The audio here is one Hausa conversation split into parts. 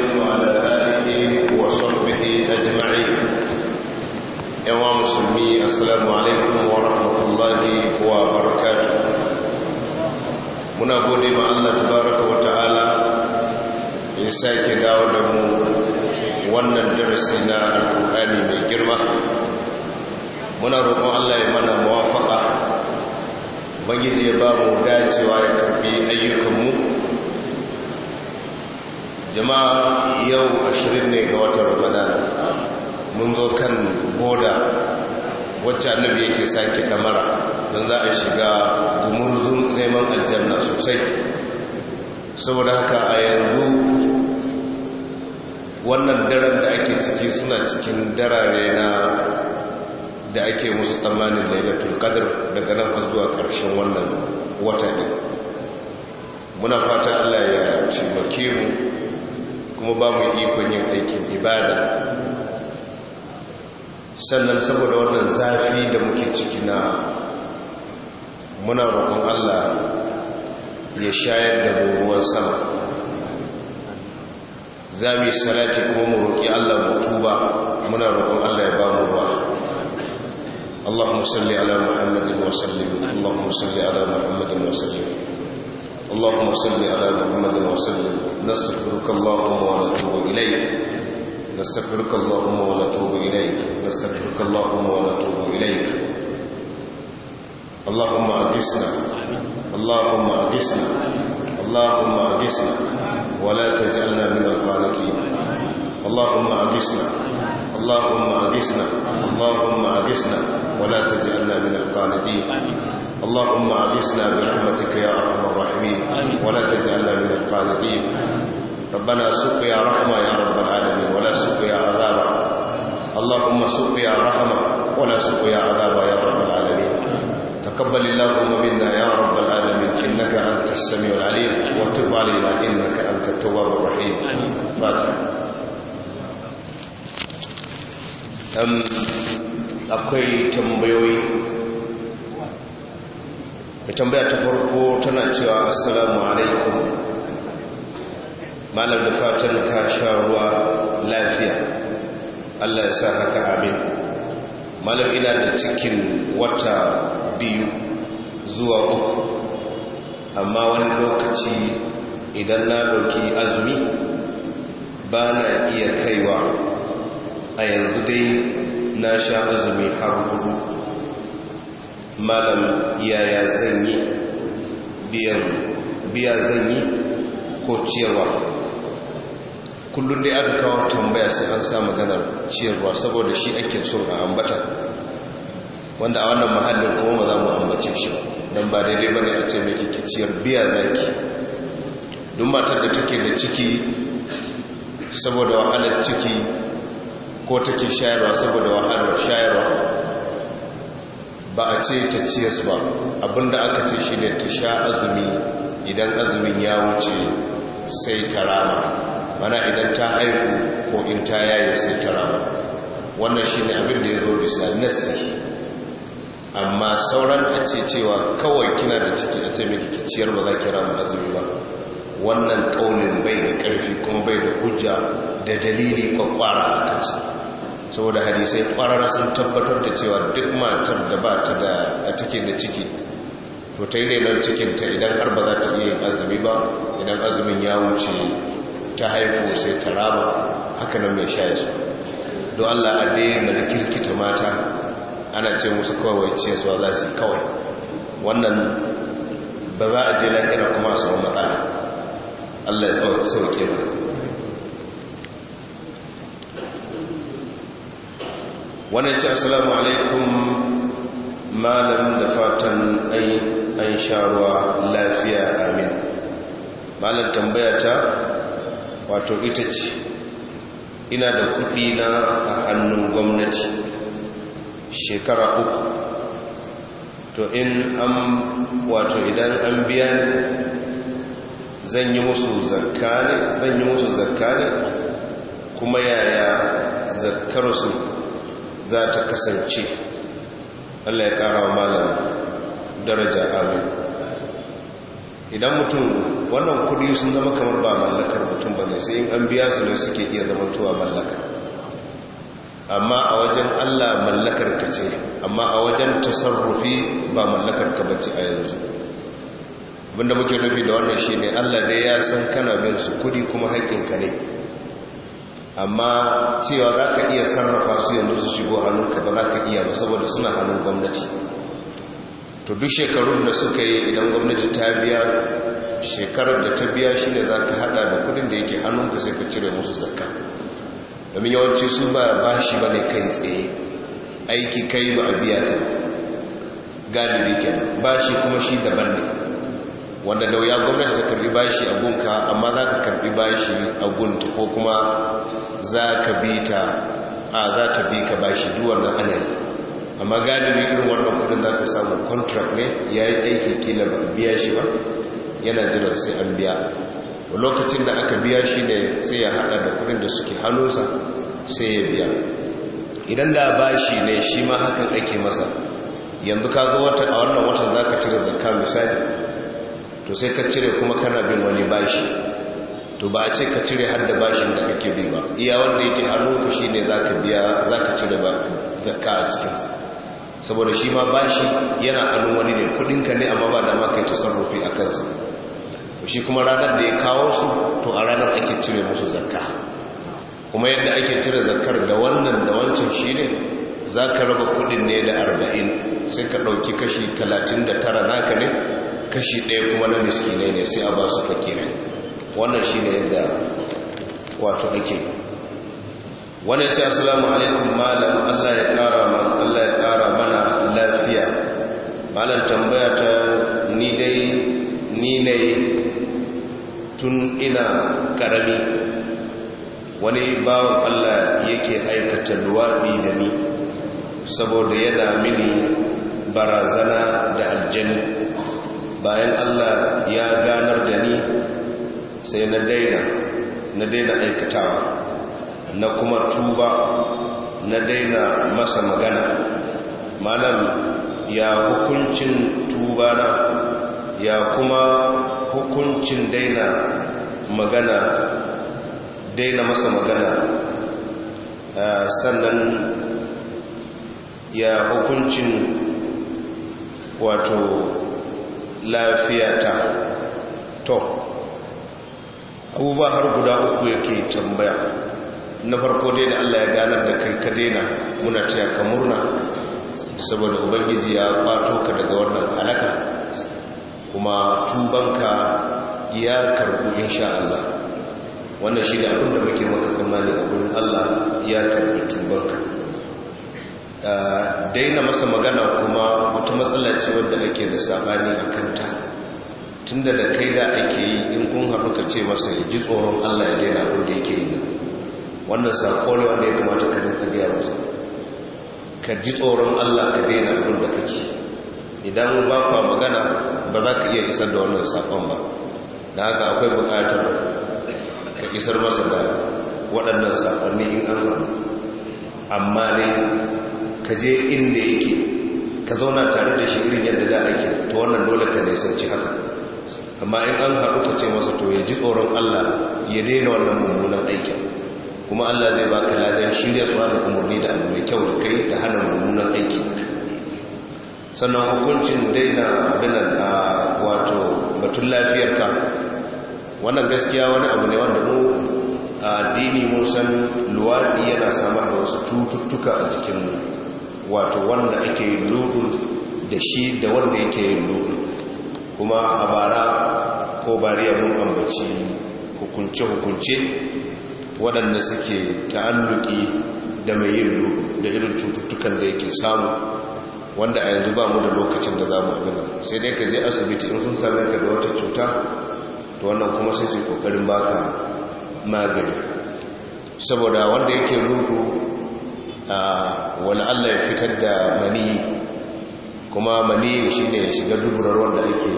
محمد وعلى آله وصحبه أجمعين يا مسلمي السلام عليكم ورحمة الله وبركاته muna gode ma Allah tabaraka wa ta'ala ya dawo da mu wannan darasi na alƙur'ani mai girma muna roƙon Allah ya mana muwafaqa bangije ba mu dacewa ya karbi ayyukanmu jama'a yau ashirin ne ga watan ramadan mun zo kan boda wacce annabi yake sake kamara don za a shiga gumurzun neman aljanna sosai saboda haka a yanzu wannan daren da ake ciki suna cikin darare na da ake musu tsammanin lailatul qadr daga nan zuwa karshen wannan wata ne muna fata Allah ya cimake mu kuma ba mu ikon yin aikin ibada sannan saboda wannan zafi da muke ciki na muna roƙon Allah ya shayar da ruwan sama za mu yi salati kuma mu roƙi Allah mu tuba muna roƙon Allah ya ba mu ruwa اللهم صل على محمد وسلم اللهم صل على محمد وسلم اللهم صل على محمد وسلم نستغفرك اللهم ونتوب إليك نستغفرك اللهم ونتوب إليك نستغفرك اللهم ونتوب إليك اللهم أغثنا اللهم أغثنا اللهم أغثنا ولا تجعلنا من القانطين اللهم أغثنا اللهم أغثنا اللهم أغثنا ولا تجعلنا من القانطين اللهم عبسنا برحمتك يا أرحم الراحمين ولا تجعلنا من القانطين ربنا سقيا رحمة يا رب العالمين ولا سقيا عذابا اللهم سقيا رحمة ولا سقيا عذابا يا رب العالمين تقبل اللهم منا يا رب العالمين إنك أنت السميع العليم وتب علينا إنك أنت التواب الرحيم فاتح akwai tambayoyi mai tambaya ta farko tana cewa assalamu alaikum malam da fatan ka sha ruwa lafiya allah ya sa haka amin malam ina da cikin wata biyu zuwa uku amma wani lokaci idan na ɗauki azumi ba na iya kaiwa a yanzu dai na sha azumi har hudu malam yaya zan yi biya zan yi ko ciyarwa kullum dai aka kawo tambaya sai an sa maganar ciyarwa saboda shi ake son a ambata wanda a wannan mahallin kuma ma za mu ambace shi don ba daidai bane a ce mai ciyar biya zaki don matar da take da ciki saboda wahalar ciki ko take shayarwa saboda wahalar shayarwa ba a ce ta ciyas ba abinda aka ce shi ne ta sha azumi idan azumin ya wuce sai ta rama mana idan ta haifu ko in ta yaye sai ta rama wannan shi ne abin ya zo bisa nassi amma sauran a ce cewa kawai kina da ciki a ce miki kiciyar ba za ki rama azumi ba wannan ƙaunin bai da ƙarfi kuma bai da hujja da dalili kwakwara a kansa saboda hadisai ƙwararra sun tabbatar da cewa duk matar da ba ta da take da ciki to ta yi renon cikinta idan har ba za ta iya yin azumi ba idan azumin ya wuce ta haifu sai ta raba haka nan mai shaya su don allah a daina da kirkita mata ana ce musu kawai ce su za su kawai wannan ba za a je lafiya kuma su matsala allah ya sauke ba wani ce assalamu alaikum malam da fatan an sharuwa lafiya amin malam tambaya ta wato ita ce ina da kuɗi na a hannun gwamnati shekara uku to in an wato idan an biya zan yi musu zakka kuma yaya zakkarsu za ta kasance Allah ya kara wa malam daraja amin idan mutum wannan kudi sun zama kamar ba mallakar mutum ba ne sai in an biya su ne suke iya zama tuwa mallaka amma a wajen Allah mallakar ka ce amma a wajen tasarrufi ba mallakar ka bace a yanzu abinda muke nufi da wannan shi ne Allah dai ya san kana bin su kudi kuma haƙƙinka ne amma cewa za ka iya sarrafa su yanzu su shigo hannunka ba za ka iya ba saboda suna hannun gwamnati to duk shekarun da suka yi idan gwamnati ta biya shekarar da ta biya shi ne za ka hada da kudin da yake hannunka sai ka cire musu zakka domin yawanci su ba ba shi ba ne kai tsaye aiki kai ba a biya ka galibi bashi ba shi kuma shi daban ne wanda da wuya gwamnati ta karbi bashi a gunka amma za ka karbi bashi a gunta ko kuma za ka bi ta a za ta bi ka bashi duwar na anari amma galibi irin wannan kudin za ka samu contract ne ya yi aiki kila ba biya shi ba yana jiran sai an biya A lokacin da aka biya shi ne sai ya hada da kudin da suke hannunsa sai ya biya idan da bashi ne shi ma hakan ake masa yanzu ka ga wata a wannan watan za ka cire zakka misali to sai ka cire kuma kana bin wani bashi to ba a ce ka cire har da bashin da kake bi ba iya wanda yake ka shi ne za ka biya za ka cire zakka a cikinsa saboda shi ma bashi yana hannu wani ne kudinka ne amma ba da maka yi tasarrufi a kansa shi kuma ranar da ya kawo su to a ranar ake cire musu zakka kuma yadda ake cire zakkar da wannan da wancan shi ne za ka raba kudin ne da arba'in sai ka ɗauki kashi talatin da tara naka ne kashi ɗaya kuma na miskinai ne sai a ba su fakirai wannan shi ne yadda wato ake wani ce asalamu alaikum malam allah ya kara mana allah ya kara mana lafiya malam tambaya ta ni dai ni ne tun ina karami wani bawan allah yake aikata luwaɗi da ni saboda yana mini barazana da aljani bayan allah ya ganar da ni sai na daina na daina aikatawa na kuma tuba na daina masa magana malam ya hukuncin tuba na ya kuma hukuncin daina magana daina masa magana ah, sannan ya hukuncin wato lafiyata to abubuwa har guda uku yake tambaya na farko dai da Allah ya ganar da kai ka daina muna cewa ka murna saboda ubangiji ya kwato ka daga wannan halaka kuma tubanka ya karbu insha Allah wannan shi da abin da muke maka tsammani a gurin Allah ya karbi tubanka ah, daina masa magana kuma wata matsala ce wadda ake da sabani a kanta tunda da kai da ake yi in kun haɗu ka ce masa ya ji tsoron Allah ya daina abin da yake yi wannan sako ne wanda ya kamata ka rinka biya masa ka ji tsoron Allah ka daina abin da kake idan ba kwa magana ba za ka iya isar da wannan sakon ba da haka akwai bukatar ka isar masa da waɗannan sakonni in an haɗu amma ne ka je inda yake ka zauna tare da shi irin yadda da ake ta wannan dole ka nisanci haka amma in an haɗu ka ce masa to ya ji tsoron Allah ya daina wannan mummunan aikin kuma Allah zai baka ladan shirya su da umarni da abu mai kyau da kai da hana mummunan aiki sannan hukuncin daina abin a wato batun lafiyarka wannan gaskiya wani abu ne wanda mu a addini mun san luwaɗi yana samar da wasu cututtuka a jikinmu wato wanda ake yin da shi da wanda yake yi lodin kuma a bara ko bariya mun ambaci hukunce-hukunce waɗanda suke ta'alluki da mai yin da irin cututtukan da yake samu wanda a yanzu ba mu da lokacin da za mu abin sai dai ka je asibiti in sun sami ka da wata cuta to wannan kuma sai su kokarin baka magani saboda wanda yake rudu a ah, wani allah ya fitar da mani kuma maniyu shi ne ya shiga duburar wanda ake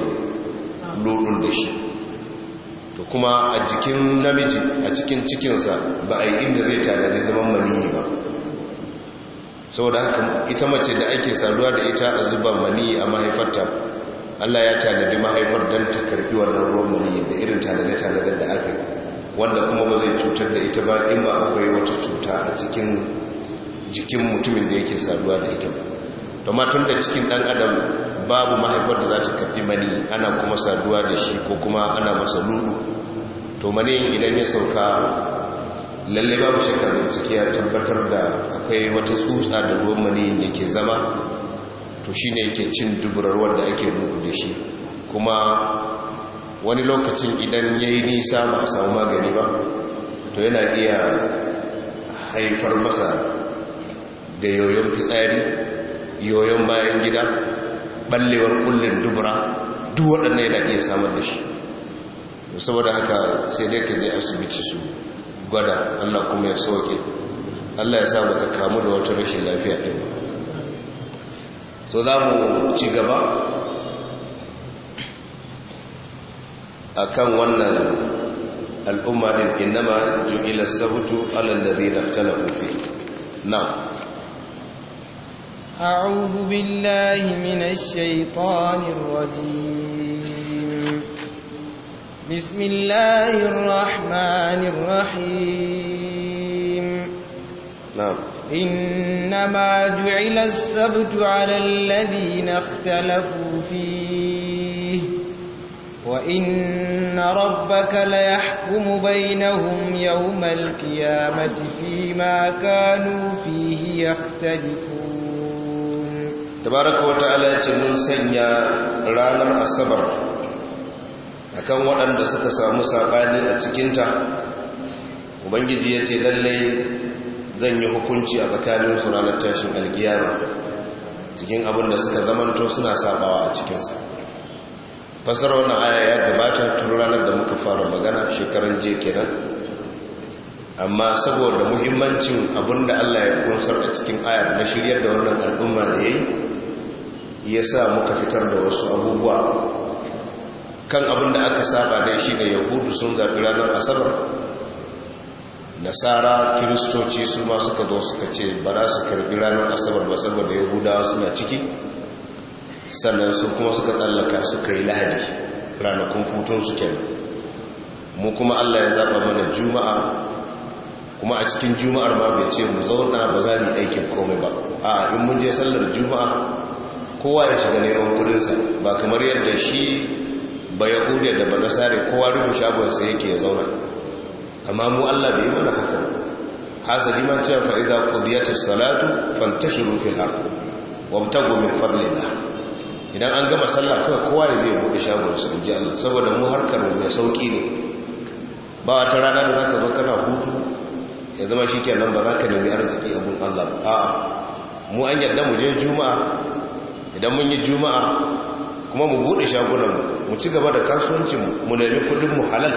ludun da shi to kuma a jikin namiji a cikin cikinsa ba a yi inda zai tanadi zaman maniyu ba saboda haka ita mace da ake saduwa da ita a zuba maniyu a mahaifarta Allah ya tanadi mahaifar don ta karfi wannan ruwan maniyu, da irin da tare da aka wanda kuma ba zai cutar da ita ba in ba akwai wata cuta a cikin jikin mutumin da yake saduwa da ita ba amma tun da cikin dan adam babu mahaifar da za ta kafi mani ana kuma saduwa da shi ko kuma ana masa lulu to mani idan ya sauka lalle babu shakka bincike ya tabbatar da akwai wata tsutsa da ruwan mani yake zama to shine yake cin duburar wanda ake lulu da shi kuma wani lokacin idan ya yi nisa ba a samu magani ba to yana iya haifar masa da yoyon fitsari yoyon bayan gida ballewar kullin dubura duk waɗannan yana iya samar da shi saboda haka sai dai ka je asibiti su gwada Allah kuma ya soke. Allah ya samu ka kamu da wata rashin lafiya ɗin to za mu ci gaba a kan wannan al'umma ɗin inama ju'ilar sabutu alallari na talafufi na أعوذ بالله من الشيطان الرجيم بسم الله الرحمن الرحيم نعم إنما جعل السبت على الذين اختلفوا فيه وإن ربك ليحكم بينهم يوم القيامة فيما كانوا فيه يختلفون tabaraka wata ce mun sanya ranar asabar akan waɗanda suka samu saɓani a cikinta ubangiji ya ce lallai zan yi hukunci a tsakaninsu ranar tashin algiyama cikin abin da suka zamanto suna saɓawa a cikinsa fasar wannan aya ya gabata tun ranar da muka fara magana shekaran je kenan amma saboda muhimmancin abin da allah ya kunsar a cikin ayar na shiryar da wannan al'umma da yayi. ya sa muka fitar da wasu abubuwa kan abin da aka saba da shi ga yahudu sun zafi ranar asabar nasara kiristoci su ma suka zo suka ce ba za su karbi ranar asabar ba saboda yahudawa suna ciki sannan su kuma suka tsallaka suka yi lahadi ranakun futon su kenan mu kuma allah ya zaba mana juma'a kuma a cikin juma'ar ma bai ce mu zauna ba za mu aikin komai ba a in mun je sallar juma'a kowa da shiga neman kudinsa ba kamar yadda shi ba ya gude da ba nasari kowa rufe shagonsa yake ya zauna amma mu allah bai mana haka hasali ma cewa fa'iza ta salatu fantashiru haku ardh gomin min fadlillah idan an gama sallah kawai kowa ya zai buɗe shagonsa ji allah saboda mu harkar mu mai sauƙi ne ba wata rana da zaka zo kana hutu ya zama shi ke nan ba za ka nemi arziki abin allah ba a'a mu an yadda mu je juma'a idan mun yi juma'a kuma mu buɗe shagunanmu mu ci gaba da kasuwancin mu nemi kudin mu halal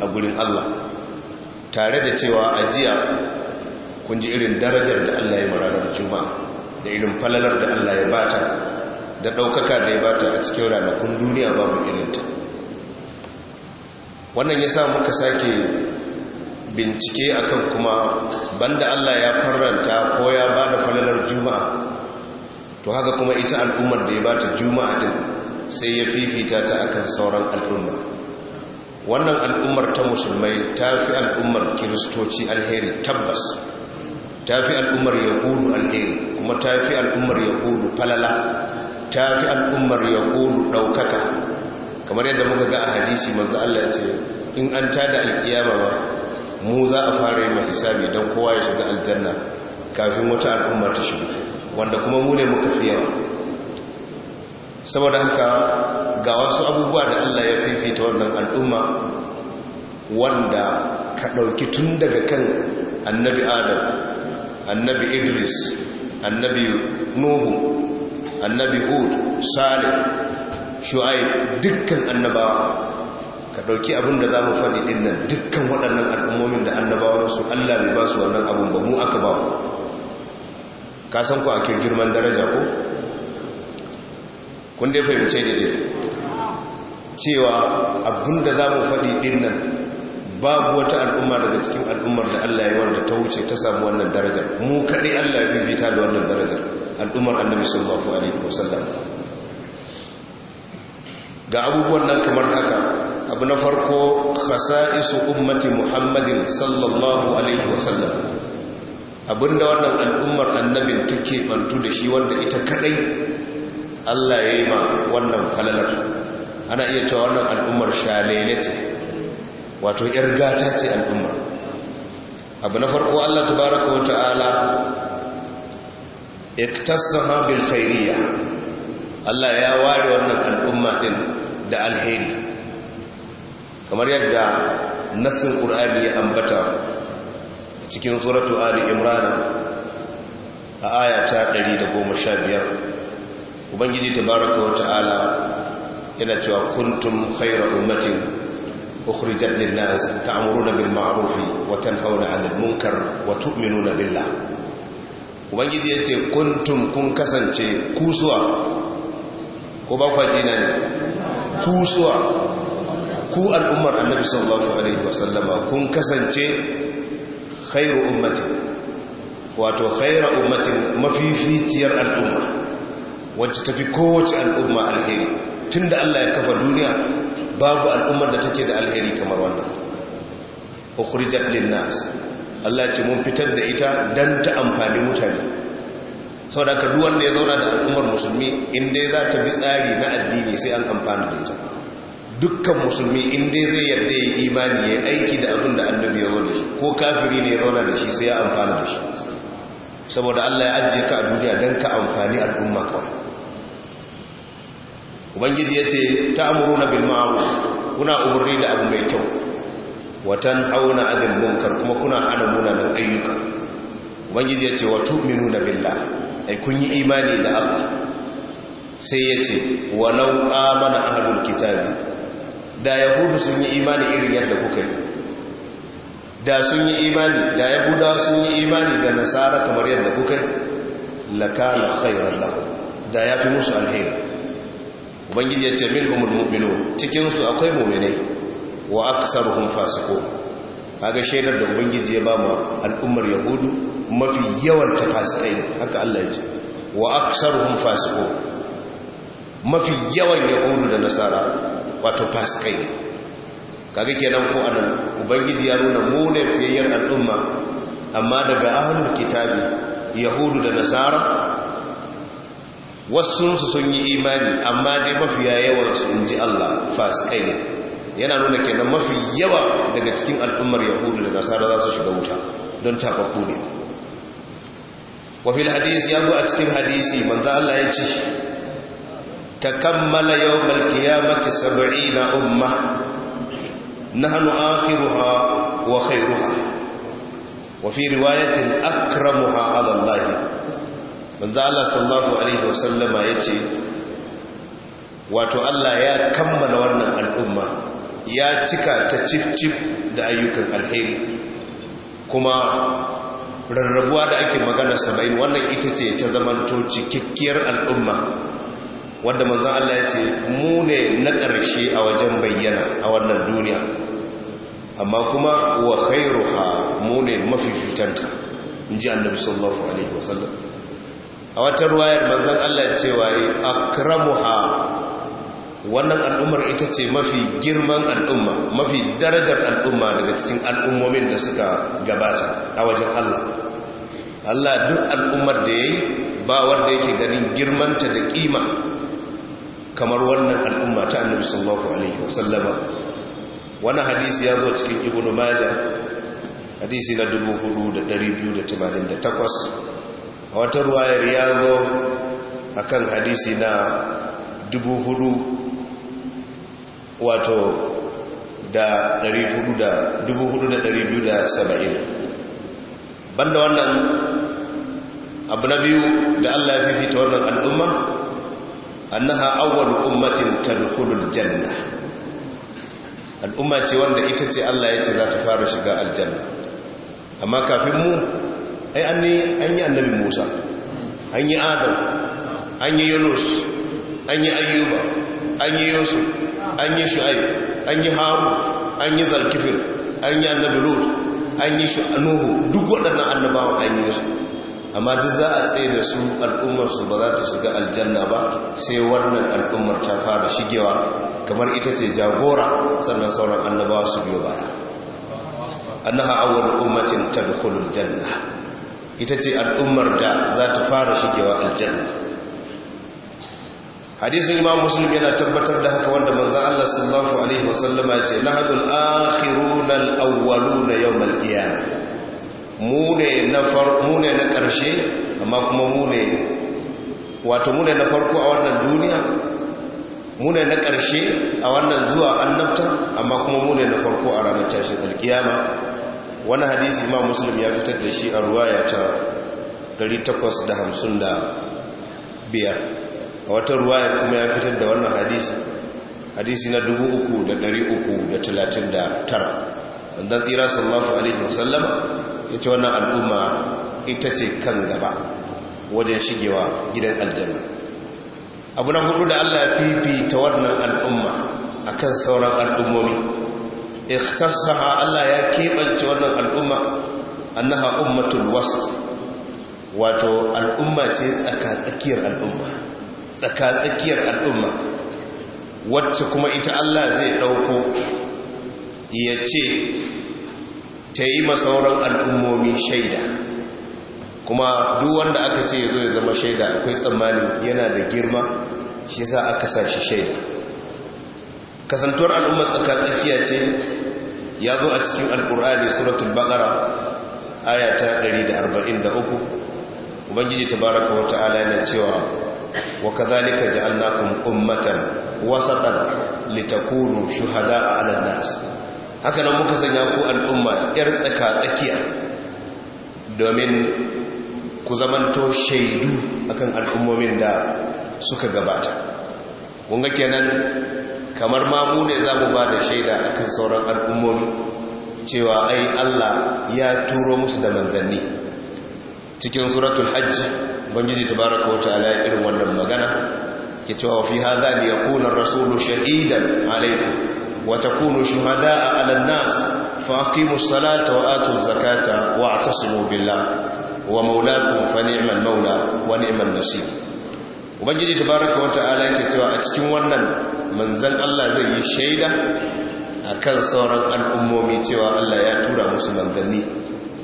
a gurin Allah tare da cewa ajiya kun ji irin darajar da Allah ya da juma'a da irin falalar da Allah ya bata da ɗaukaka da ya bata a cikin ranakun duniya babu irinta wannan ya sa muka sake bincike akan kuma banda Allah ya faranta ko ya bada da falalar juma'a to haka kuma ita al'ummar da ya ba ta juma'a din sai ya fifita ta akan sauran al'umma wannan al'ummar ta musulmai ta fi al'ummar kiristoci alheri tabbas ta fi al'ummar yahudu alheri kuma ta fi al'ummar yahudu falala ta fi al'ummar yahudu ɗaukaka kamar yadda muka ga a hadisi manzo Allah ya ce in an tada alkiyama ba mu za a fara yin hisabi don kowa ya shiga aljanna kafin wata al'umma ta shiga wanda kuma mu ne muka fi yawa saboda haka ga wasu abubuwa da Allah ya fifita wannan al'umma wanda ka ɗauki tun daga kan annabi adam annabi idris annabi nuhu annabi hud salim shu'aib dukkan annabawa ka ɗauki abin da za mu faɗi ɗin nan dukkan waɗannan al'ummomin da annabawansu allah bai ba su wannan abin ba mu aka ba ka san ku ake girman daraja ko kun dai fahimce da dai cewa abinda za mu faɗi ɗin nan babu wata al'umma daga cikin al'ummar da Allah ya wanda ta wuce ta samu wannan darajar mu kaɗai Allah ya fifita da wannan darajar al'ummar annabi sallallahu alaihi wasallam ga abubuwan nan kamar haka abu na farko khasa'isu ummati muhammadin sallallahu alaihi wasallam abinda wannan al'ummar annabin take bantu da shi wanda ita kadai Allah ya yi ma wannan falalar ana iya cewa wannan al'ummar shalene ce wato yar gata ce al'ummar abu na farko Allah tabaraka wa ta'ala iktasaha bil khairiyya Allah ya ware wannan al'umma din da alheri kamar yadda nasin ƙur'ani ya ambata cikin suratu ali imran a aya ta 115 ubangiji tabaraka wa ta'ala yana cewa kuntum khayra ummatin ukhrijat lin-nas ta'muruna bil ma'ruf wa tanhauna 'anil munkar wa tu'minuna billah ubangiji yace kuntum kun kasance kusuwa ko ba kwa jina ne kusuwa ku al'ummar annabi sallallahu alaihi wasallama kun kasance khairu ummatin wato khairu ummatin mafificiyar al'umma wacce tafi kowace al'umma alheri tunda Allah ya kafa duniya babu al'ummar da take da alheri kamar wannan ukhrijat lin-nas Allah ce mun fitar da ita dan ta amfani mutane saboda ka duk wanda ya zauna da al'ummar musulmi inda za ta bi tsari na addini sai an amfana da ita dukkan musulmi inda zai yarda ya imani ya aiki da abin da annabi ya zaune shi ko kafiri ne ya zauna da shi sai ya amfana da shi saboda Allah ya ajiye ka a duniya don ka amfani al'umma kawai ubangiji ya ce ta amuru na kuna umarni da abu mai kyau watan hauna adin munkar kuma kuna ana nan ayyuka ubangiji ya ce wa tuminu na Billa? ai kun yi imani da sai ya ce walau mana ahlul kitabi da yahudu sun yi imani irin yadda kuka yi da sun yi imani da Yahuda sun yi imani da nasara kamar yadda kuka yi lakala khairar lahu da ya fi musu alheri ubangiji ya ce min umar mu'minu cikinsu akwai mummune wa aksaruhum fasiko kaga shaidar da ubangiji ya ba mu al'ummar yahudu mafi yawan ta fasikai haka Allah ya ce wa aksaruhum fasiko mafi yawan yahudu da nasara wato Faskai, ne kaga kenan ko anan ubangiji ya nuna mu ne fiyayyar al'umma amma daga ahlul kitabi yahudu da nasara wasu sun yi imani amma dai mafiya yawan su inji Allah fasikai ne yana nuna kenan mafi yawa daga cikin al'ummar yahudu da nasara za su shiga wuta don tabakku ne wa hadisi ya zo a cikin hadisi manzo Allah ya ce تكمل يوم القيامة سبعين أمة نهن آخرها وخيرها وفي رواية أكرمها على الله من ذا الله صلى الله عليه وسلم يتي وتعالى يا كمل ورن الأمة يا تكا cika ta cif-cif كما ayyukan rarrabuwa da ake magana 70 wannan ita ce ta zamanto cikakkiyar al'umma wanda manzan Allah ya ce mu ne na ƙarshe a wajen bayyana a wannan duniya amma kuma wa ha mu ne mafi fitanta in ji annabi sallallahu alaihi wasallam a wata ruwayar manzan Allah ya ce cewa akramuha wannan al'ummar ita ce mafi girman al'umma mafi darajar al'umma daga cikin al'ummomin da suka gabata a wajen Allah Allah duk al'ummar da yayi ba wanda yake ganin girmanta da kima kamar wannan al'umma ta annabi sallallahu alaihi wasallama wani hadisi ya zo cikin ibnu majah hadisi na 4288 a wata ruwayar ya zo akan hadisi na 4000 wato da 4270 banda wannan abu na biyu da Allah ya fifita wannan al'umma annaha awwalu ummatin tadkhulul janna al'umma ce wanda ita ce Allah ya ce za ta fara shiga aljanna amma kafin mu ai yi annabi Musa anyi Adam anyi yi Yunus an Ayyuba Yusuf anyi Shu'aib anyi yi Harun anyi yi Zalkifil annabi Lut an duk waɗannan annabawa anyi su amma duk za a tsaye da su al'ummarsu ba za ta shiga aljanna ba sai wannan al'ummar ta fara shigewa kamar ita ce jagora sannan sauran annabawa su biyo baya annaha awwal ummatin tadkhulul janna ita ce al'ummar da za ta fara shigewa aljanna hadisun imam muslim yana tabbatar da haka wanda manzan Allah sallallahu alaihi wasallama ce na haɗin akhirun al'awwalu yawmal yau Mune na ƙarshe amma kuma mune wato mune na farko a wannan duniya Mune na ƙarshe a wannan zuwa annabta amma kuma mune na farko a ranar tashin alkiyama wani hadisi ma musulmi ya fitar da shi a ruwaya ta 855 a wata ruwaya kuma ya fitar da wannan hadisi hadisi na 3339 wanda tsira sallallahu alaihi wasallama ya ce wannan al'umma ita ce kan gaba wajen shigewa gidan aljanna abu na hudu da allah fifi ta wannan al'umma a kan sauran al'ummomi ha allah ya keɓance wannan al'umma annaha ummatul wast wato al'umma ce tsakatsakiyar al'umma tsakatsakiyar al'umma wacce kuma ita allah zai ɗauko ya ce ta yi masauran al'ummomi shaida kuma duk wanda aka ce ya zo ya zama shaida akwai tsammanin yana da girma shi sa a sa shi shaida kasantuwar al'ummar tsakatsakiya ce ya zo a cikin al'urari suratul bakara ayata da 143 ubangiji ta baraka wata'ala yana cewa wa kadhalika ja'alnakum ummatan wasatan litakunu shuhada'a 'alan nas haka nan muka sanya ku al'umma yar tsaka tsakiya domin ku zamanto shaidu akan al'ummomin da suka gabata kunga kenan kamar ma mu ne za mu ba da shaida akan sauran al'ummomi cewa ai Allah ya turo musu da manzanni cikin suratul hajji bangiji tabaraka wa ta'ala ya irin wannan magana ke cewa fi hadha liyakuna ar-rasulu shahidan alaykum وتكونوا شهداء على a فأقيموا الصلاة وآتوا الزكاة واعتصموا بالله ومولاكم فنعم المولى ونعم النصير ubangiji tabaraka wa ta'ala yake cewa a cikin wannan manzan Allah zai yi shaida akan sauran al'ummomi cewa Allah ya tura musu manzanni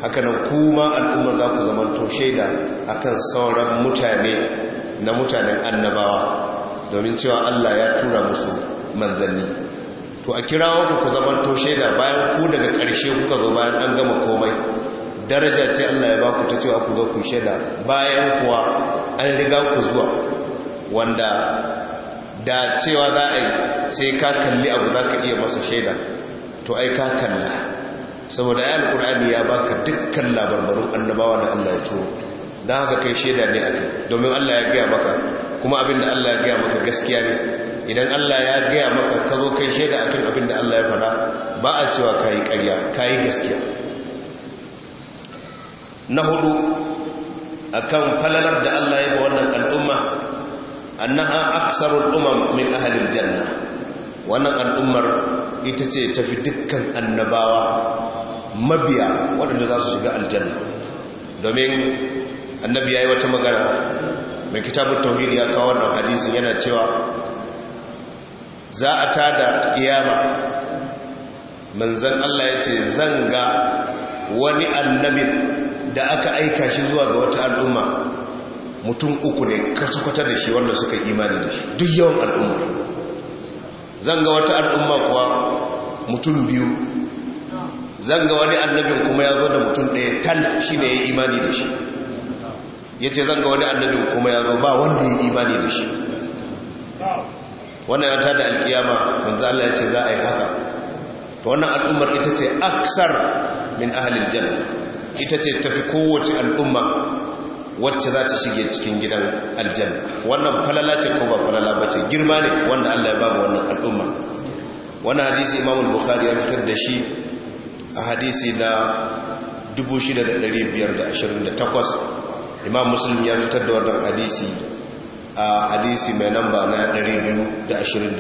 haka nan kuma al'umma za ku zama to shaida akan sauran mutane na mutanen annabawa domin cewa Allah ya tura musu manzanni to a kirawo ku ku zaman to shaida bayan ku daga ƙarshe kuka zo bayan an gama komai daraja ce Allah ya ba ku ta cewa ku zo ku shaida bayan kuwa an riga ku zuwa wanda da cewa za a yi sai ka kalli abu za ka iya masa shaida to ai ka kalla saboda ya alƙur'ani ya baka dukkan labarbarun annabawa da Allah ya turo don haka kai shaida ne a kai domin Allah ya gaya maka kuma abin da Allah ya gaya maka gaskiya ne idan Allah ya gaya maka ka zo kai shaida akan abin da Allah ya fara ba a cewa kayi ƙarya yi gaskiya na hudu akan falalar da Allah ya ba wannan al'umma an aksar umam min ahalin janna wannan al'ummar ita ce tafi dukkan annabawa mabiya waɗanda za su shiga aljanna domin annabi ya yi wata magana mai kitabun tauhidi ya kawo wannan hadisin yana cewa za a tada kiyama manzan Allah ya ce zan ga wani annabi da aka aika shi zuwa ga wata al'umma mutum uku ne kasukwata da shi wanda suka imani da shi duk yawan al'umma zan ga wata al'umma kuwa mutum biyu zan ga wani annabin kuma ya zo da mutum ɗaya tan shi ne ya imani da shi ya ce zan ga wani annabin kuma ya zo ba wanda ya imani da shi wannan ya tada alkiyama manzo Allah ya ce za a yi haka to wannan al'ummar ita ce aksar min ahlil janna ita ce tafi kowace al'umma wacce za ta shige cikin gidan aljanna wannan falala ce ko ba falala ba ce girma ne wanda Allah ya ba wannan al'umma wannan hadisi Imam al-Bukhari ya fitar da shi a hadisi na 6528 Imam Muslim ya fitar da wannan hadisi a hadisi mai lamba na 221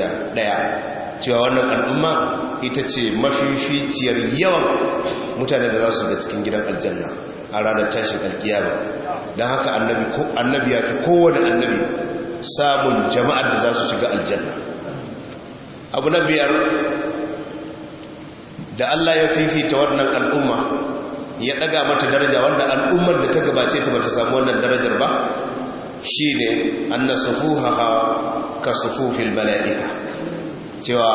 cewa wannan al'umma ita ce mafificiyar yawan mutane da za su ga cikin gidan aljanna a ranar tashin alkiyama don haka annabi ya fi kowane annabi samun jama'ar da za su shiga aljanna abu na biyar da Allah ya fifita wannan al'umma ya ɗaga mata daraja wanda al'ummar da ta gabace ta bata samu wannan darajar ba shi ne an na sufu haka ka sufufil mala'ika cewa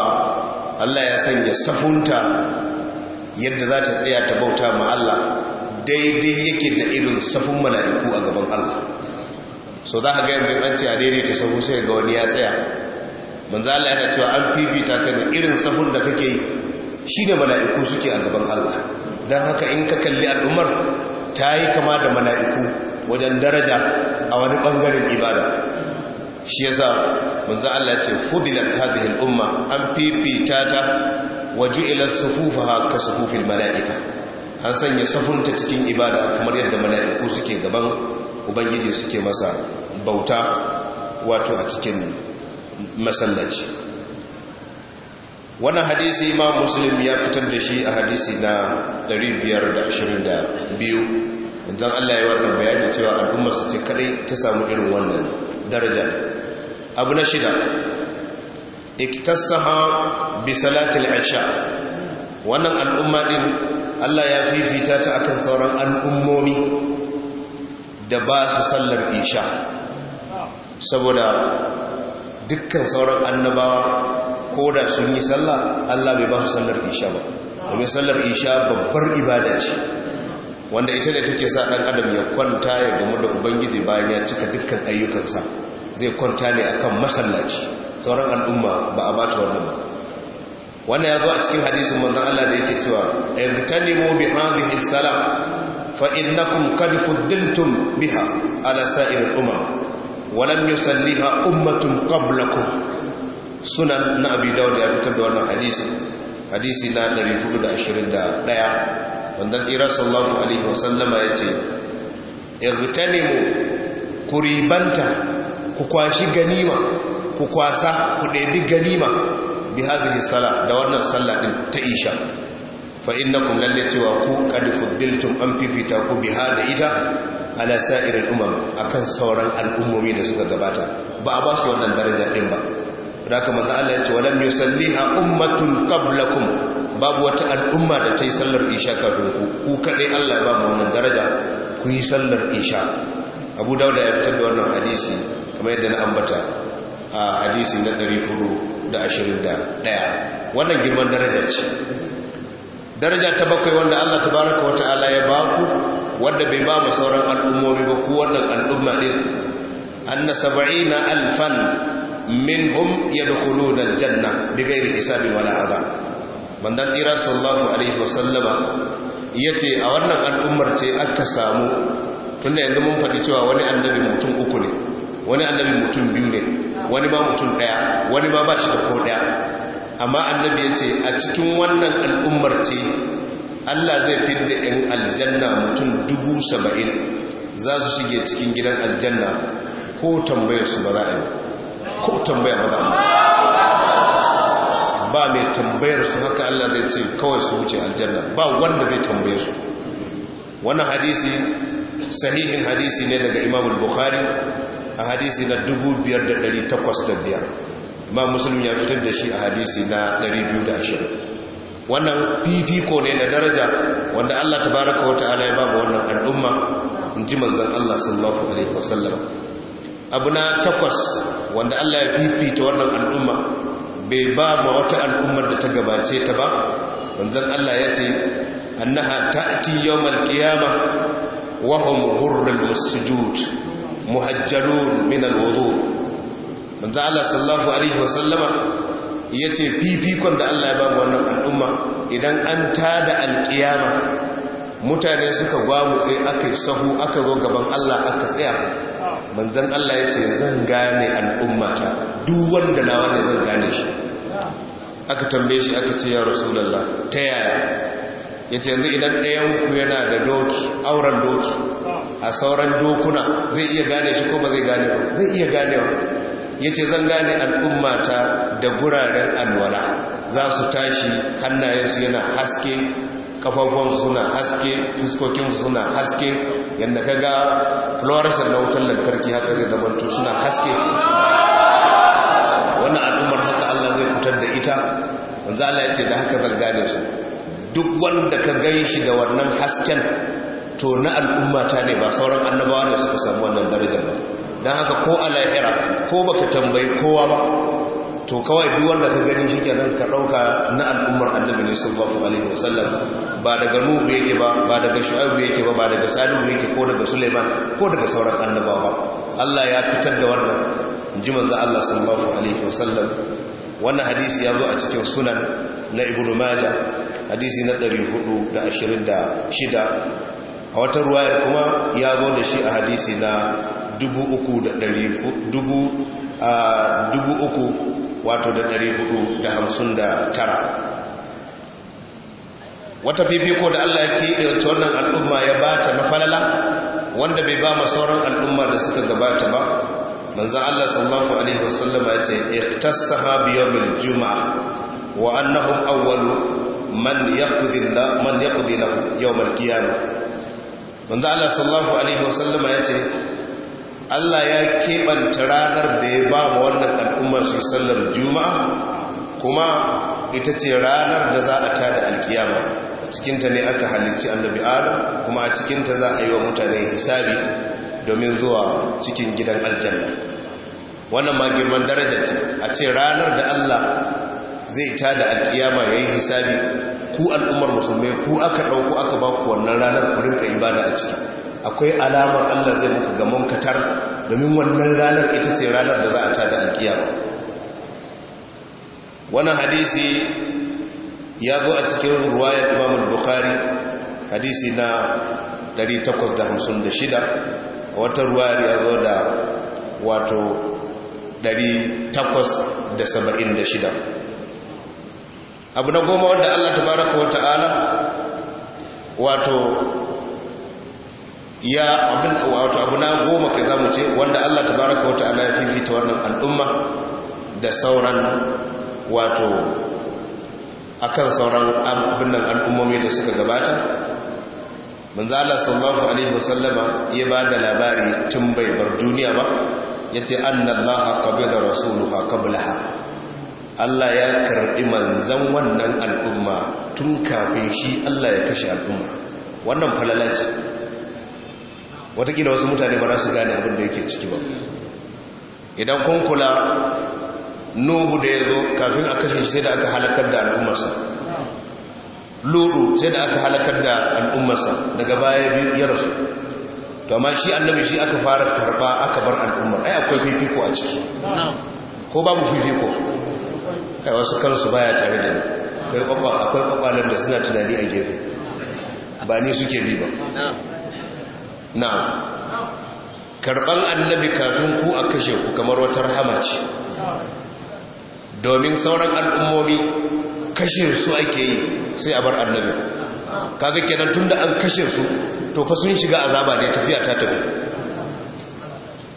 Allah ya sanya safunta yadda za ta tsaya ta bauta ma Allah daidai yake da irin safun mala'iku a gaban Allah so za a ga yanzu an a a daidaita sahu sai ga wani ya tsaya manzo Allah yana cewa an fifita kan irin safun da kake shi da mala'iku suke a gaban Allah don haka in ka kalli al'ummar ta yi kama da mala'iku wajen daraja a wani bangaren ibada shi ya sa munza Allah ce fudilat hadhihi al-umma an fifita ta ilar sufufaha ka sufufil mala'ika an sanya sufunta cikin ibada kamar yadda mala'iku suke gaban ubangiji suke masa bauta wato a cikin masallaci wannan hadisi ma muslim ya fitar da shi a hadisi na 522 dan Allah ya wannan bayani cewa al'ummar su ce kaɗai ta samu irin wannan daraja abu na shida iktasaha bi salatil isha wannan al'umma din Allah ya fifita ta akan sauran al'ummomi da ba su sallar isha saboda dukkan sauran annabawa ko da sun yi sallah Allah bai ba su sallar isha ba domin sallar isha babbar ibada ce wanda ita ne take sa dan adam ya kwanta ya gamu da ubangiji bayan ya cika dukkan ayyukansa zai kwanta ne akan masallaci sauran al'umma ba a bata wannan ba wannan ya zo a cikin hadisin manzon Allah da yake cewa mu bi hadhihi salam fa innakum qad fuddiltum biha ala sa'ir al-umam wa lam yusalliha ummatun qablakum sunan na abi ya fitar da wannan hadisi hadisi na 421 wanda tsira sallallahu alaihi wasallama ya ce irtanimu ku ribanta ku kwashi ganima ku kwasa ku ɗebi ganima bi hazihi sala da wannan sallah din ta isha fa innakum lalle cewa ku kad fuddiltum an fifita ku biha da ita ala sa'irin umam akan sauran al'ummomi da suka gabata ba a ba su wannan daraja din ba da haka manzo Allah ya ce walam yusalliha ummatun qablakum babu wata al'umma da ta yi sallar isha kafin ku ku kaɗai Allah ba mu wannan daraja ku yi sallar isha abu dauda ya fitar da wannan hadisi kamar yadda na ambata a hadisi na 421 wannan girman daraja ce daraja ta bakwai wanda Allah tabaraka ta'ala ya ba ku wanda bai ba mu sauran al'ummomi ba ku wannan al'umma din anna sab'ina alfan minhum yadkhuluna aljanna bighairi hisabin wala adab mandan tsira sallallahu alaihi wasallama ya ce a wannan al'ummar ce aka samu tunda yanzu mun faɗi cewa wani annabi mutum uku ne wani annabi mutum biyu ne wani ba mutum ɗaya wani ba ba shi da ko ɗaya amma annabi ya ce a cikin wannan al'ummar ce allah zai fidda ‘yan aljanna mutum dubu saba'in za su shige cikin gidan aljanna ko tambayar su ba za a yi ko tambaya ba za a ba mai tambayar su haka Allah zai ce kawai su wuce aljanna ba wanda zai tambaye su wannan hadisi sahihin hadisi ne daga Imam Bukhari a hadisi na 5805 ma musulmi ya fitar da shi a hadisi na 220 wannan fifiko ne da daraja wanda Allah tabaraka wa ta'ala ya ba wannan al'umma in ji manzon Allah sallallahu alaihi wasallam abu na takwas wanda Allah ya fifita wannan al'umma bai ba ma wata al'ummar da ta gabace ta ba wanzan Allah ya ce annaha ta'ti yawmal qiyamah wa hum ghurrul musjud muhajjalun min alwudu manzo Allah sallallahu alaihi wasallama yace fifikon da Allah ya ba mu wannan al'umma idan an tada alkiyama mutane suka gwamutse aka sahu aka zo gaban Allah aka tsaya manzan Allah ya ce zan gane al'ummata duk wanda na wanda zan gane shi aka tambaye shi aka ce ya rasulallah ta yaya ya ce yanzu idan ɗayan ku yana da doki auren doki a sauran dokuna zai iya gane shi ko ba zai gane ba zai iya gane ba ya ce zan gane al'ummata da guraren alwala za su tashi hannayensu yana haske kafafuwansu suna haske fiskokinsu suna haske yadda ka ga fluorescent na wutar lantarki haka zai zamanto suna haske wannan al'ummar haka allah zai fitar da ita wanzu allah ya ce da haka zan gane su duk wanda ka gan shi da wannan hasken to na al'ummata ne ba sauran annabawa ne suka samu wannan darajar ba don haka ko a ko baka tambayi kowa ba to kawai duk wanda ka gani shi kenan ka ɗauka na al'ummar annabi ne sallallahu alaihi wasallam ba daga nuhu yake ba ba daga shu'aibu yake ba ba daga salihu yake ko daga suleiman ko daga sauran annabawa ba. Allah ya fitar da wannan inji manzo Allah sallallahu alaihi wasallam wannan hadisi ya zo a cikin sunan na ibnu majah hadisi na 426 a wata ruwayar kuma ya zo da shi a hadisi na 3400 a dubu uku wato da ɗari da hamsin da tara wata fifiko da Allah ya keɓe wacce wannan al'umma ya ba ta na falala wanda bai ba masauran al'umma da suka gabata ba manzan Allah sallallahu Alaihi wasallama ya ce iktassa ha biyomin juma'a wa annahum awwalu man ya kudina yau malkiya ne manzan Allah sallallahu Alaihi wasallama ya ce Allah ya keɓanta ranar da ya ba wa wannan al'ummar su sallar juma'a kuma ita ce ranar da za a tada alkiyama cikinta ne aka halicci annabi adam kuma a cikinta za a yi wa mutane hisabi domin zuwa cikin gidan aljanna wannan ma girman daraja ce a ce ranar da Allah zai tada alkiyama ya yi hisabi ku al'ummar musulmai ku aka ɗauku aka ba ku wannan ranar ku rinka ibada a ciki akwai alamar Allah zai muku ga munkatar domin wannan ranar ita ce ranar da za a tada alkiyama wannan hadisi ya zo a cikin ruwayar Imam Bukhari hadisi na 856 wata ruwayar ya zo da wato 876 abu na goma wanda Allah tabaraka wa ta'ala wato ya abin wato abu na goma kai zamu ce wanda Allah tabaraka wata'ala ya fifita wannan al'umma da sauran wato akan sauran abin nan al'ummomi da suka gabata manzo Allah sallallahu alaihi wasallama ya ba da labari tun bai bar duniya ba yace annallaha qabida rasuluhu qablaha Allah ya karbi manzon wannan al'umma tun kafin shi Allah ya kashe al'umma wannan falalaci watakila wasu mutane ba za su gane abin da yake ciki ba idan kun kula nuhu da ya zo kafin a kashe shi sai da aka halakar da al'ummarsa lulu sai da aka halakar da al'ummarsa daga baya ya rasu to amma shi annabi shi aka fara karba aka bar al'ummar ai akwai fifiko a ciki ko babu fifiko kai wasu kansu baya tare da ni akwai kwakwalar da suna tunani a gefe ba ni suke bi ba na karɓan annabi kafin ku a kashe ku kamar wata rahama ce domin sauran al'ummomi kashe su ake yi sai a bar annabi kaga kenan tunda da an kashe su to fa sun shiga azaba ne tafiya ta tafi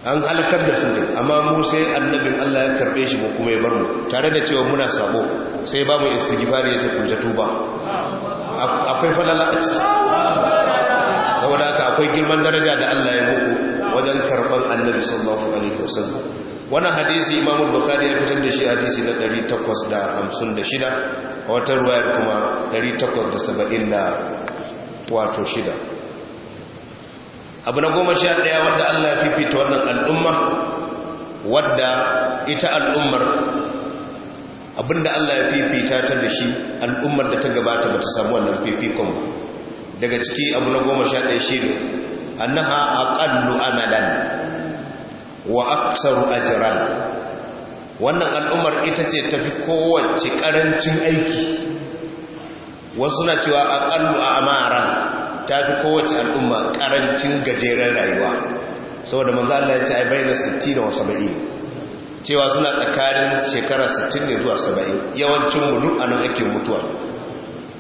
an halakar da su ne amma mu sai annabin Allah ya karbe shi mu kuma ya bar mu tare da cewa muna sabo sai ba mu istighfari ya ce ku tuba akwai falala a ciki saboda haka akwai girman daraja da Allah ya muku wajen karban annabi sallallahu alaihi wasallam wannan hadisi imamu bukhari ya fitar da shi hadisi na 856 a wata ruwayar kuma 870 da wato shida abu na goma sha ɗaya wadda Allah ya fifita wannan al'umma wadda ita al'ummar abinda Allah ya fifita ta da shi al'ummar da ta gabata bata samu wannan fifikon ba daga ciki abu na goma sha ɗaya shi ne annaha aqallu amalan wa aksaru jiran. wannan al'ummar ita ce tafi kowace ƙarancin aiki wasu na cewa a amaran tafi kowace al'umma ƙarancin gajeren rayuwa saboda manzo Allah ya ce ai bayna 60 da 70 cewa suna tsakanin shekara 60 ne zuwa 70 yawancin mu duk anan ake mutuwa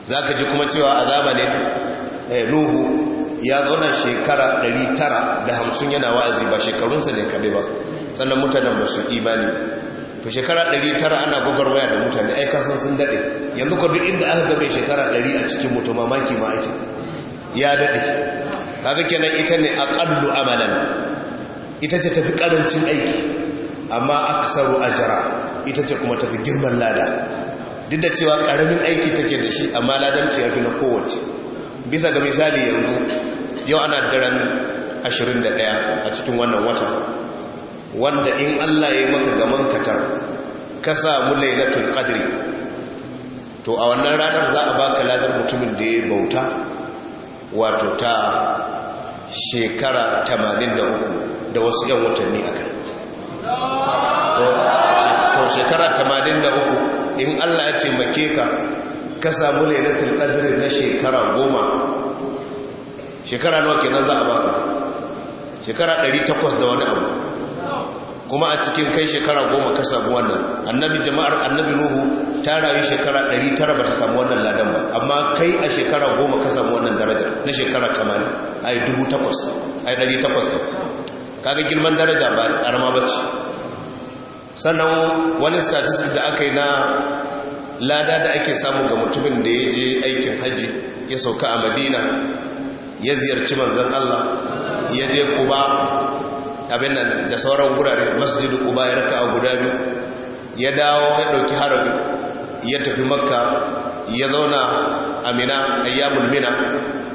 zaka ji kuma cewa azaba ne Eh, nuhu ya zauna shekara da 950 yana wa'azi ba shekarunsa ne kaɗe ba sannan mutanen ba su imani to shekara 900 ana gugar waya da mutane ai kasan sun daɗe yanzu ko duk inda aka gabe shekara 100 a cikin mutum mamaki ma ake ya daɗe kaga kenan ita ne a ƙallu amalan ita ce tafi ƙarancin aiki amma aksaru ajra ita ce kuma tafi girman lada duk da cewa ƙaramin aiki take da shi amma ladanci ya fi na kowace bisa ga misali yanzu yau ana daren 21 a cikin wannan watan wanda in Allah ya maka gaman katar ka samu lailatul qadri to a wannan ranar za a baka ladar mutumin da ya bauta wato ta shekara 83 da wasu yan watanni a kai to shekara 83 in Allah ya taimake ka ka samu lailatul qadr na shekara goma shekara nawa kenan za a baka shekara 800 da wani abu kuma a cikin kai shekara goma ka samu wannan annabi jama'ar annabi nuhu ta rayu shekara 900 ba ta samu wannan ladan ba amma kai a shekara goma ka samu wannan daraja na shekara 80 ai 1800 ai 800 kaga girman daraja ba karama bace sannan wani statistics da aka yi na lada da ake samu ga mutumin da ya je aikin hajji ya sauka a madina ya ziyarci manzan Allah ya je kuba abin nan da sauran wurare masjidu kuba ya raka a guda biyu ya dawo ya ɗauki harabi ya tafi makka ya zauna a mina yamun mina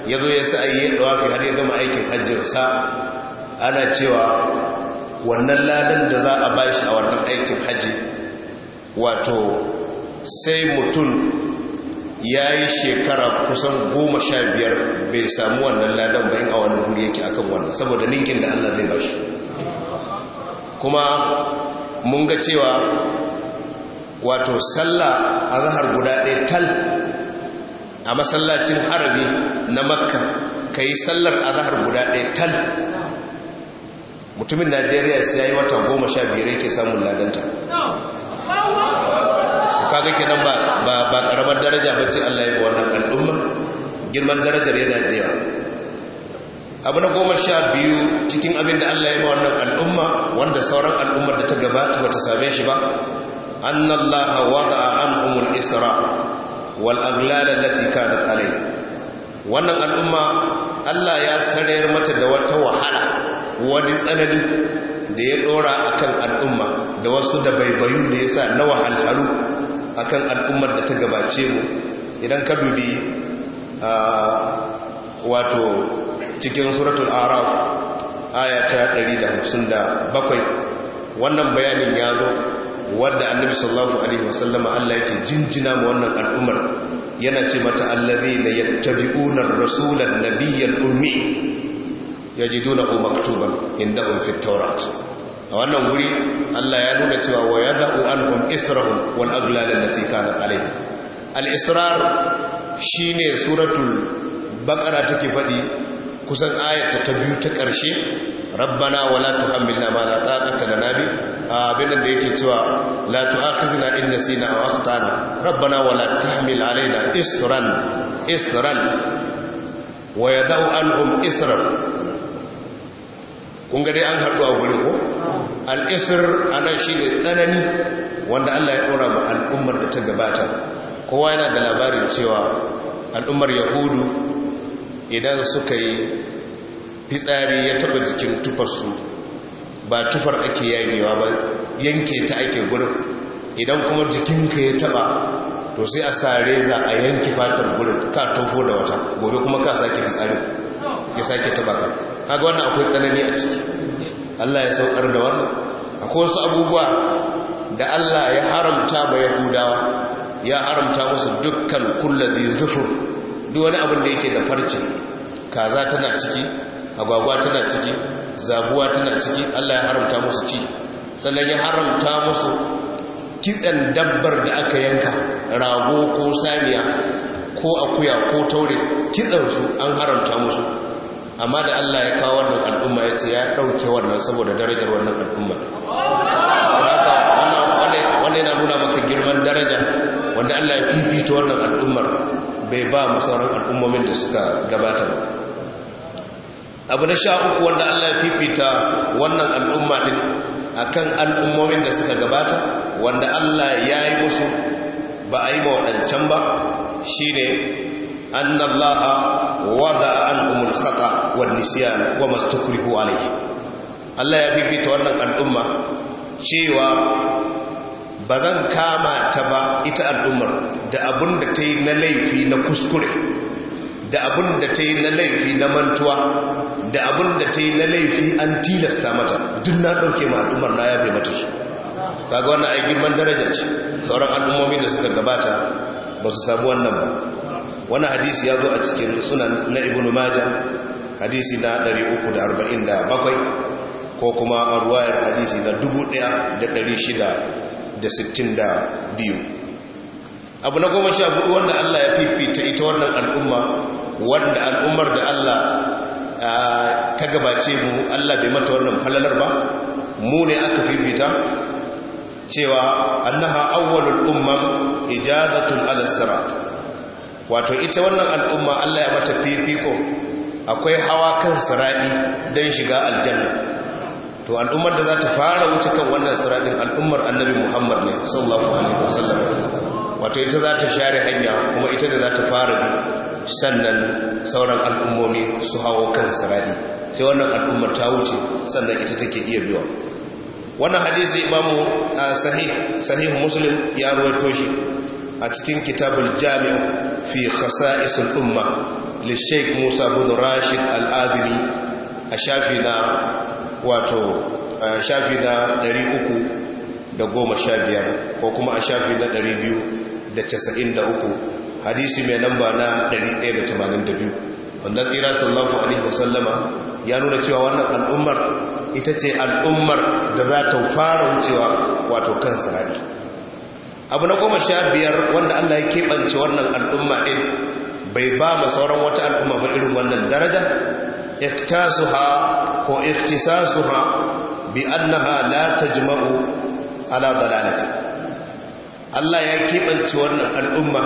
ya zo ya sa sa'ayi ya dawafi har ya gama aikin hajjinsa ana cewa wannan ladan da za a bashi a wannan aikin hajji wato sai mutum ya yi shekara kusan goma sha biyar bai samu wannan ladan bayan a wani wuri yake akan wannan saboda linkin da allah zai bashi kuma mun ga cewa wato sallah a zahar guda ɗaya tal a masallacin arabi na makka ka yi sallar a zahar guda ɗaya tal mutumin najeriya sai ya yi wata goma sha biyar yake samun ladanta kaga kenan ba ba ba karamar daraja bace Allah ya yi wannan al'umma girman darajar yana da yawa abu na goma sha biyu cikin abin da Allah ya yi wannan al'umma wanda sauran al'ummar da ta gabata bata same shi ba annallaha wada'a anhumul isra wal aghlal allati kanat alayhi wannan al'umma Allah ya sarayar mata da wata wahala wani tsanani da ya dora akan al'umma da wasu da baibayu da yasa na wahalhalu akan al'ummar da ta gabace mu idan ka dubi a wato cikin suratul araf aya ta 157 wannan bayanin ya zo wadda annabi sallallahu alaihi wasallama Allah yake jinjina mu wannan al'ummar yana ce mata allazina yattabi'una ar-rasulan nabiyyal ummi yajiduna maktuban indahum fit tawrat a wannan wuri Allah ya nuna cewa wa yada'u anhum israhum wal aghlal allati kanat alayhi al israr shine suratul baqara take faɗi kusan ayata ta biyu ta ƙarshe, rabbana wala tuhammilna ma la taqata nabi. bi abin da yake cewa la tu'akhizna in nasina aw akhtana rabbana wala tahmil alaina isran isran wa yada'u anhum isran kun ga an haɗu a gurin ko al'isir a nan shi ne tsanani wanda allah ya ɗora ba al'ummar da ta gabata kowa yana da labarin cewa al'ummar yahudu idan suka yi fitsari ya taɓa jikin tufarsu ba tufar ake yagewa ba yanke ta ake gudun idan kuma jikinka ya taɓa to sai a sare za a yanke fatar gudun ka tofo da wata gobe kuma ka sake fitsari ya sake taɓa ka kaga wannan akwai tsanani a ciki Allah ya saukar da wannan akwai wasu abubuwa da Allah ya haramta ba yahudawa ya haramta musu dukkan kullazi zufur duk wani abin da yake da farce kaza tana ciki agwagwa tana ciki zabuwa tana ciki Allah ya haramta musu ci sannan ya haramta musu kitsen dabbar da aka yanka rago ko saniya ko akuya ko taure kitsen su an haramta musu amma da Allah ya kawo wannan al'umma ya ce ya ɗauke wannan saboda darajar wannan al'umma wannan yana nuna maka girman daraja wanda Allah ya fifita wannan al'ummar bai ba mu sauran al'ummomin da suka gabata ba abu na sha uku wanda Allah ya fifita wannan al'umma din akan al'ummomin da suka gabata wanda Allah ya yi musu ba a yi ma waɗancan ba shi ne أن الله وضع عنهم الخطأ والنسيان وما استكرهوا عليه الله يبيت أن الأمة cewa bazan kama ta ba ita al'ummar da abun da ta yi na laifi na kuskure da abun da ta yi na laifi na mantuwa da abun da ta yi na laifi an tilasta mata duk na ɗauke ma al'ummar na yafe mata shi kaga wannan ai man darajar ce sauran al'ummomi da suka gabata ba su samu wannan ba wani hadisi ya zo a cikin sunan na ibn majah hadisi na 347 ko kuma a ruwayar hadisi na 1662 abu na goma sha hudu wanda Allah ya fifita ita wannan al'umma wanda al'ummar da Allah ta gabace mu Allah bai mata wannan falalar ba mu ne aka fifita cewa annaha awwalul ummam ijazatun ala sirat wato ita wannan al'umma Allah ya mata fifiko akwai hawa kan siradi don shiga aljanna to al'ummar da za ta fara wuce kan wannan siradin al'ummar annabi Muhammad ne sallallahu alaihi wasallam wato ita za ta share hanya kuma ita da za ta fara bi sannan sauran al'ummomi su hawo kan siradi sai wannan al'ummar ta wuce sannan ita take iya biyo wannan hadisi mu sahih sahih muslim ya ruwaito shi a cikin kitabul jami'u fi khasa'isul umma li sheikh Musa bin Rashid al-Adili a shafi na wato a shafi na 315 ko kuma a shafi na 293 hadisi mai namba na 182 wannan tsira sallallahu alaihi wasallama ya nuna cewa wannan al'ummar ita ce al'ummar da za ta fara wucewa wato kan sarari abu na goma sha biyar wanda Allah ya keɓance wannan al'umma ɗin bai ba ma sauran wata al'umma ba irin wannan daraja iktasuha ko iktisasuha bi annaha la tajma'u ala dalalati Allah ya keɓance wannan al'umma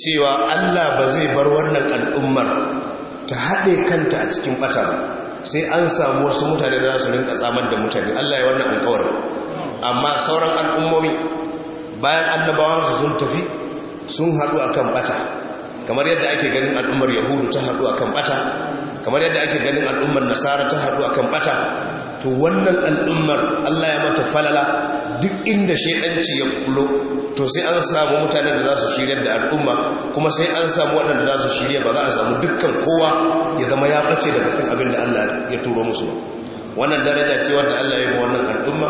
cewa Allah ba zai bar wannan al'ummar ta haɗe kanta a cikin ɓata ba sai an samu wasu mutane da za su rinka tsamar da mutane Allah ya wannan alƙawarin amma sauran al'ummomi bayan annabawansu sun tafi sun haɗu kan bata kamar yadda ake ganin al'ummar yahudu ta haɗu kan bata kamar yadda ake ganin al'ummar nasara ta haɗu kan bata to wannan al'ummar Allah ya mata falala duk inda shaidanci ya kulo to sai an samu mutanen da za su shirya da al'umma kuma sai an samu waɗanda za su shirya ba za a samu dukkan kowa ya zama ya bace da bakin abin da Allah ya turo musu wannan daraja ce wanda Allah ya yi wannan al'umma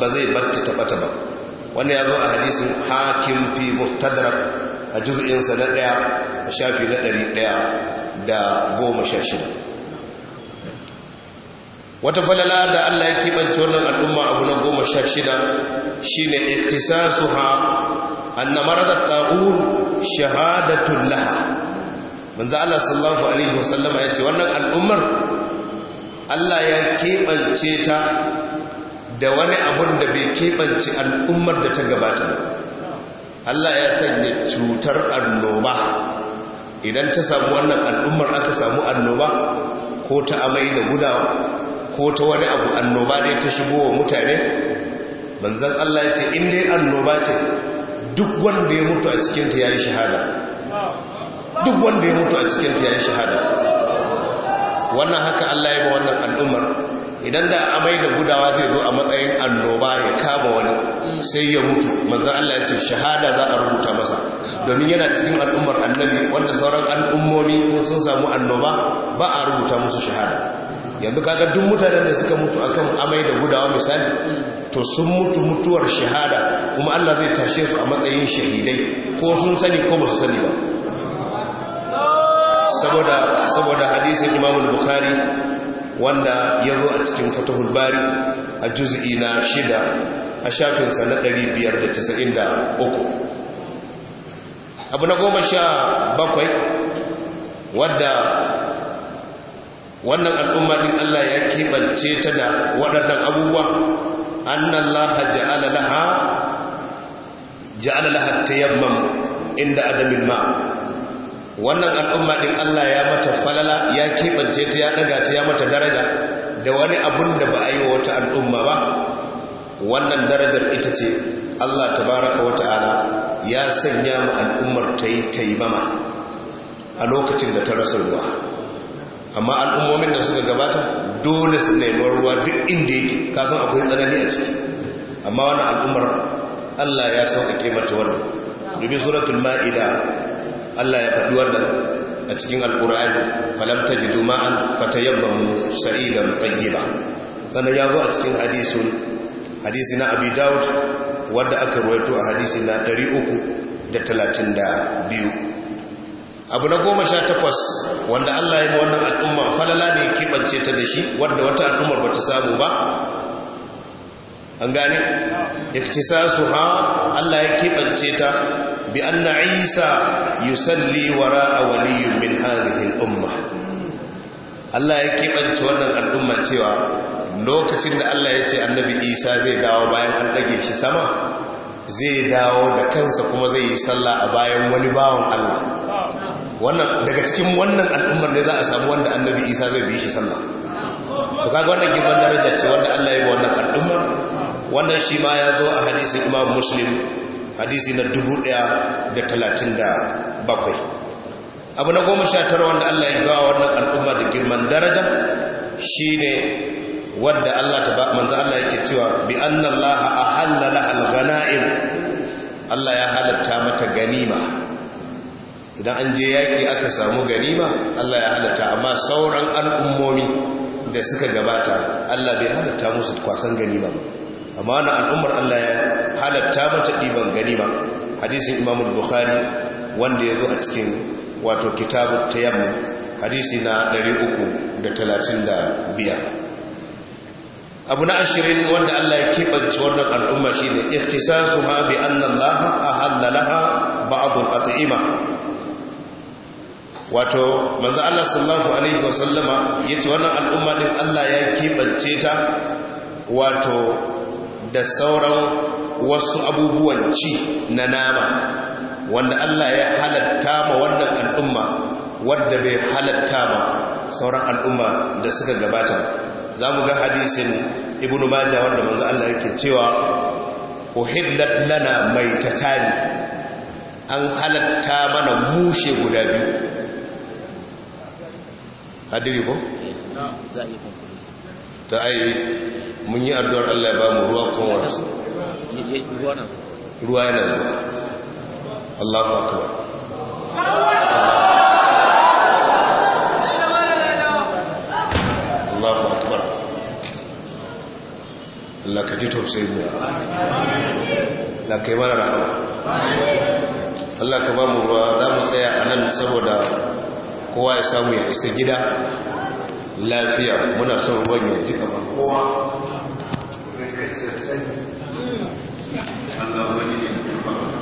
ba zai barta ta bata ba wannan ya zo a hadisin hakim fi muftadrak a sa na ɗaya a shafi na ɗari ɗaya da goma sha shida wata falala da allah ya kibance wannan al'umma abu na goma sha shida shi ne iktisasu ha annamar da ɗa'un shahadatun laha manzo allah sallallahu alaihi wasallama ya ce wannan al'ummar allah ya kibance ta da wani abun da bai keɓance al'ummar da ta gabata Allah ya sanya cutar annoba idan ta samu wannan al'ummar aka samu annoba ko ta amai da gudawa ko ta wani abu annoba ne ta shigo wa mutane banzan Allah ya ce inda annoba ce duk wanda ya mutu a cikinta ya yi shahada duk wanda ya mutu a cikinta ya yi shahada wannan haka Allah ya ba wannan al'ummar idan da amai da gudawa zai zo a matsayin annoba ya kama wani sai ya mutu manzan Allah ya ce shahada za a rubuta masa domin yana cikin al'ummar annabi wanda sauran al'ummomi sun samu annoba ba a rubuta musu shahada yanzu kaga duk mutanen da suka mutu akan amai da gudawa misali to sun mutu mutuwar shahada kuma Allah zai tashe su a matsayin shahidai ko sun sani ko ba su sani ba saboda saboda hadisin Imam Bukhari wanda ya zo a cikin fatahul bari a juz'i na shida a shafinsa na 593 abu na goma sha bakwai wadda wannan al'umma din Allah ya kibance ta da waɗannan abubuwa annan laha ja'ala laha ja'ala laha inda adamin ma wannan al'umma din Allah ya mata falala ya kebance ta ya daga ta ya mata daraja da wani abun da ba a yi wa wata al'umma ba wannan darajar ita ce Allah tabaraka wa ta'ala ya sanya mu al'ummar ta yi taimama a lokacin da ta rasa ruwa amma al'ummomin da suka gabata dole su nemi ruwa duk inda yake kasan akwai tsanani a ciki amma wannan al'ummar Allah ya sauƙaƙe mata wannan dubi suratul ma'ida Allah ya faɗi wannan a cikin alkur'ani falam tajidu ma'an fatayammamu sa'idan tayyiba sannan ya zo a cikin hadisun hadisi na abi daud wanda aka ruwaito a hadisi na 332 abu na goma sha takwas wanda Allah ya wannan al'umma falala ne kibance ta da shi wadda wata al'ummar ba ta samu ba an gane sa su ha Allah ya kibance ta بأن عيسى isa وراء ولي من min الأمة الله umma Allah ya الأمة wannan al'umma cewa lokacin da Allah ya ce annabi isa zai dawo bayan an dage shi sama zai dawo da kansa kuma zai yi sallah a bayan wani bawan Allah wannan daga cikin wannan al'ummar ne za a samu wanda annabi isa zai bi shi sallah to kaga wannan girman daraja ce wanda Allah ya yi wa wannan al'ummar wannan shi ma ya zo a hadisin Imam Muslim hadisi na dubu da da talatin bakwai. abu na goma sha tara wanda Allah ya gawa wannan al'umma da girman daraja shine wadda Allah ta manza Allah yake cewa bi anna laha ahalla lahal ghanaim Allah ya halatta mata ganima idan an je yaki aka samu ganima Allah ya halatta amma sauran al'ummomi da suka gabata Allah bai halatta musu kwasan ganima ba amma na al'ummar Allah ya halatta mata ɗiban ganima hadisin imam bukhari wanda ya zo a cikin wato kitabu yamma hadisi na 335 abu na ashirin wanda Allah ya keɓance wannan al'umma shi ne iktisasu ha bi annan laha a hallalaha ba'adun at'ima wato manzo Allah sallallahu alaihi wasallama yace wannan al'umma din Allah ya keɓance ta wato da sauran wasu abubuwan ci na nama wanda Allah ya halatta ma wannan al'umma wadda bai halatta ma sauran al'umma da suka gabata za mu ga hadisin ibn majah wanda manzo Allah yake cewa uhiddat lana maitatani an halatta mana mushe guda biyu hadiri ko eh, za ta ai mun yi addu'ar Allah ya ba mu ruwa kuma ruwa yana zuwa Allahu akbar Allahu akbar Allah ka ji tausayi mu Allah kai mana rahama Allah ka ba mu ruwa za mu tsaya a nan saboda kowa ya samu ya isa gida lafiya muna son ruwan ya jika kamar kowa